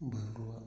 没说。